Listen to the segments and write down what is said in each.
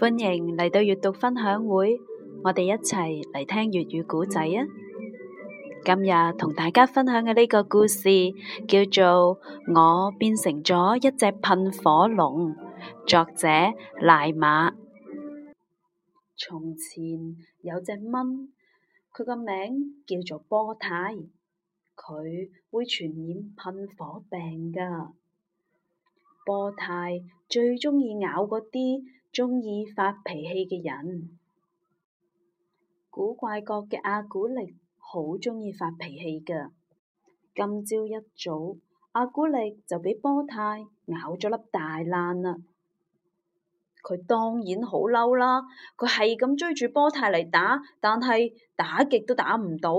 歡迎嚟到閱讀分享會，我哋一齊嚟聽粵語古仔啊！今日同大家分享嘅呢個故事叫做《我變成咗一隻噴火龍》，作者賴馬。從前有隻蚊，佢個名叫做波太，佢會傳染噴火病㗎。波太最中意咬嗰啲。鍾意發脾氣嘅人，古怪國嘅阿古力好鍾意發脾氣㗎。今朝一早，阿古力就俾波泰咬咗粒大爛啦。佢當然好嬲啦，佢係咁追住波泰嚟打，但係打極都打唔到。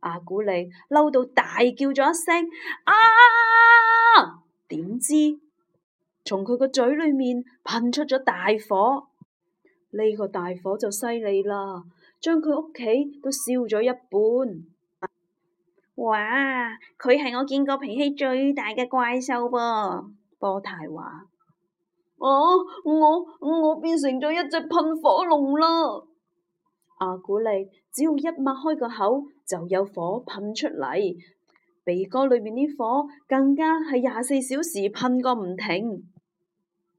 阿古力嬲到大叫咗一聲：「啊！點知，從佢個嘴裏面噴出咗大火，呢、這個大火就犀利啦，將佢屋企都燒咗一半。哇！佢係我見過脾氣最大嘅怪獸噃。波太話：啊，我我我變成咗一隻噴火龍啦。阿古力只要一擘開個口，就有火噴出嚟，鼻哥裏面啲火更加係廿四小時噴個唔停。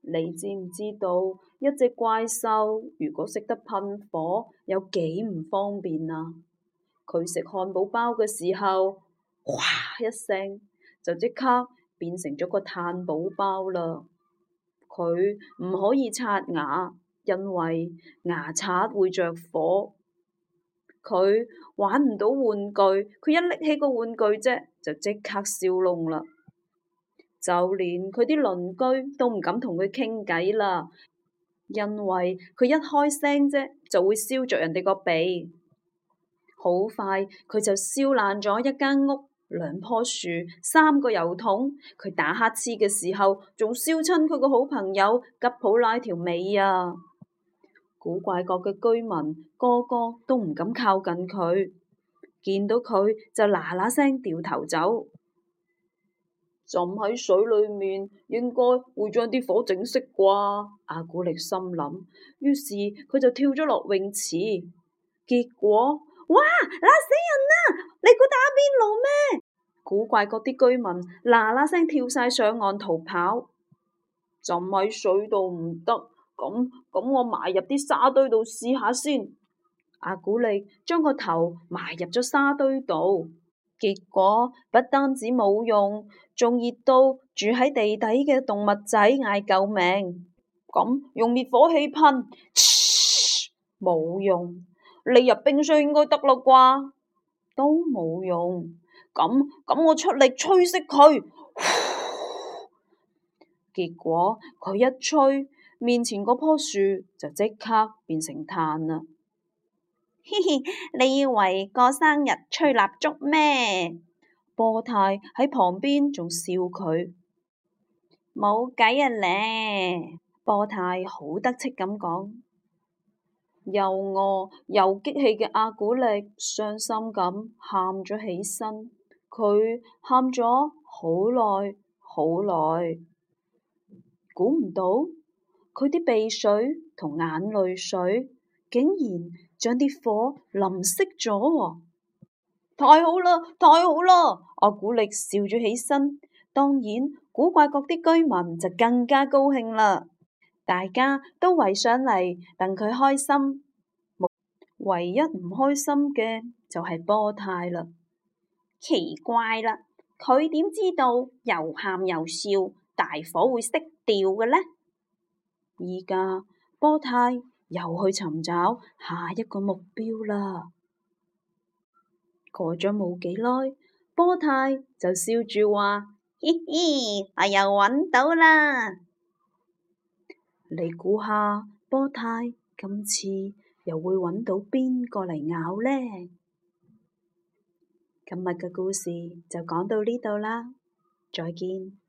你知唔知道一隻怪獸如果識得噴火，有幾唔方便啊？佢食漢堡包嘅時候，嘩一聲就即刻變成咗個炭堡包啦。佢唔可以刷牙，因為牙刷會着火。佢玩唔到玩具，佢一拎起個玩具啫，就即刻燒燶啦。就連佢啲鄰居都唔敢同佢傾偈啦，因為佢一開聲啫就會燒着人哋個鼻。好快佢就燒爛咗一間屋、兩棵樹、三個油桶。佢打乞嗤嘅時候，仲燒親佢個好朋友吉普拉條尾啊！古怪國嘅居民個個都唔敢靠近佢，見到佢就嗱嗱聲掉頭走。浸喺水裏面，應該會將啲火整熄啩？阿古力心諗，於是佢就跳咗落泳池。結果，哇！辣死人啦！你估打邊爐咩？古怪嗰啲居民嗱嗱聲跳晒上岸逃跑。浸喺水度唔得，咁咁我埋入啲沙堆度試下先。阿古力將個頭埋入咗沙堆度。結果不單止冇用，仲熱到住喺地底嘅動物仔嗌救命。咁用滅火器噴，冇用。你入冰水應該得啦啩，都冇用。咁咁我出力吹熄佢，結果佢一吹，面前嗰棵樹就即刻變成炭啦。嘻嘻， 你以為過生日吹蠟燭咩？波太喺旁邊仲笑佢，冇計啊咧！波太好得戚咁講，又餓又激氣嘅阿古力傷心咁喊咗起身，佢喊咗好耐好耐，估唔到佢啲鼻水同眼淚水竟然。將啲火淋熄咗，太好啦！太好啦！我古力笑咗起身，當然古怪國啲居民就更加高興啦！大家都圍上嚟，等佢開心。唯一唔開心嘅就係波太啦，奇怪啦，佢點知道又喊又笑大火會熄掉嘅呢？而家波太。又去尋找下一個目標啦。過咗冇幾耐，波太就笑住話：嘻嘻，我又揾到啦！你估下，波太今次又會揾到邊個嚟咬呢？今日嘅故事就講到呢度啦，再見。